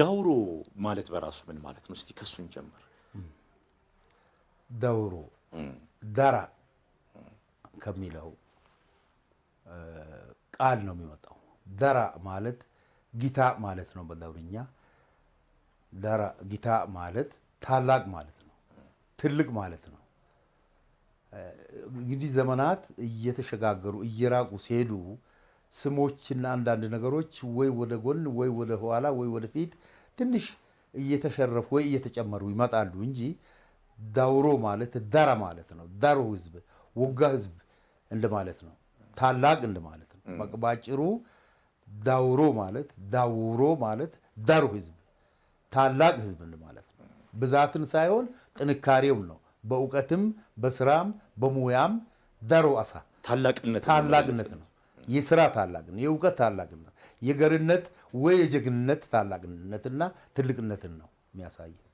ዳውሮ ማለት በራሱ ምን ማለት ነው? እስቲ ከሱን ጀምር። ዳውሮ ዳራ ከሚለው ቃል ነው የሚመጣው። ዳራ ማለት ጊታ ማለት ነው በዳውርኛ። ዳራ ጊታ ማለት ታላቅ ማለት ነው፣ ትልቅ ማለት ነው። እንግዲህ ዘመናት እየተሸጋገሩ እየራቁ ሲሄዱ ስሞችና አንዳንድ ነገሮች ወይ ወደ ጎን ወይ ወደ ኋላ ወይ ወደ ፊት ትንሽ እየተሸረፉ ወይ እየተጨመሩ ይመጣሉ እንጂ ዳውሮ ማለት ዳራ ማለት ነው። ዳሮ ህዝብ፣ ወጋ ህዝብ እንደማለት ነው። ታላቅ እንደማለት ነው። በአጭሩ ዳውሮ ማለት ዳውሮ ማለት ዳሩ ህዝብ፣ ታላቅ ህዝብ እንደማለት ነው። ብዛትን ሳይሆን ጥንካሬውም ነው። በእውቀትም በስራም በሙያም ዳሮ አሳ ታላቅነት ነው። የስራ ታላቅነት፣ የእውቀት ታላቅነት፣ የገርነት ወይ የጀግንነት ታላቅነትና ትልቅነትን ነው የሚያሳየው።